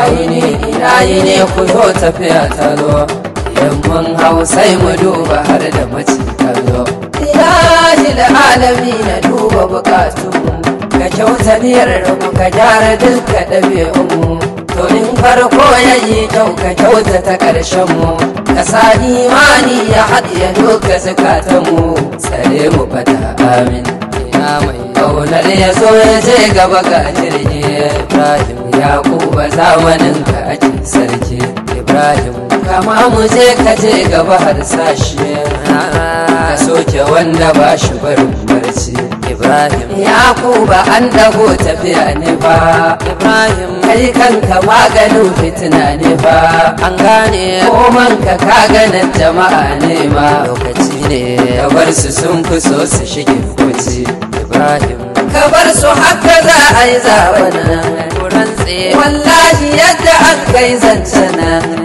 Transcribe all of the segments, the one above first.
ayi ne ku zo tafiya ta Idan mun hau sai mu duba har da mace kallo Ilahi da alami na duba bukatu Ka kyauta niyar mu ka gyara duka ɗabi'unmu Tonin farko ya yi kyau ka kyauta ta ƙarshen mu Ka sa imani ya haɗiye duka zukatanmu Tsare mu fata amin mai Kaunar ya so ya ce gaba ga jirgi Ibrahim kuba zamanin ka ake sarki Ibrahim kama mu je ka je gaba har sashi Ka soke wanda ba shi barin barci Ibrahim kuba an dago tafiya ne ba Ibrahim kai kanka maganin fitina ne ba An gane komanka ka ganin jama'a ne ma Lokaci ne bar su sun fi so su shige kuci Ibrahim ka bar su haka za a yi zaben nan kuran wallahi yadda an kai zancen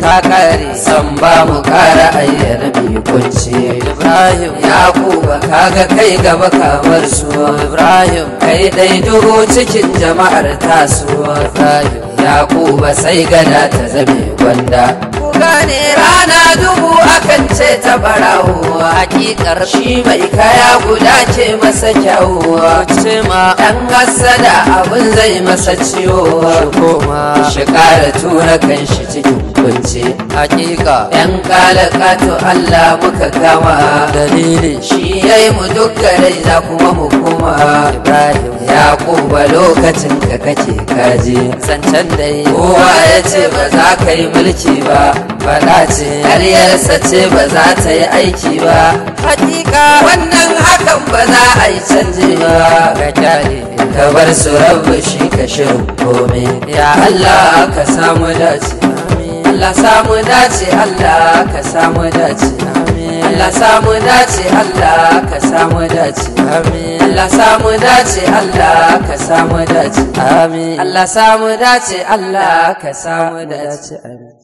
ta kare san ba mu kara ayyar mai kunci Ibrahim Yakuba kaga kai gaba kamar su Ibrahim kai dai duhu cikin jama'ar tasu Ibrahim Yakuba sai gada ta zame gwanda ku gane rana dubu kance ta barawo hakikar shi mai kaya guda ce masa kyawo ce ma dan abin zai masa ciwo koma shi kare tura kan shi cikin kunce hakika yan kalakatu Allah muka gama Dalili shi yayi mu duk rai za kuma mu Ibrahim ya kuba lokacin ka kake kaje zancen dai kowa ya ce ba za ka yi mulki ba fada ce karyarsa ce ba za ta yi aiki ba hakika wannan hakan ba za a yi canji ba ga kyale ka bar su rabu shi ka shiru komai ya Allah ka samu dace Allah samu dace Allah ka samu dace Allah samu dace Allah ka samu dace amin Allah samu dace Allah ka samu dace amin Allah samu dace Allah ka samu dace amin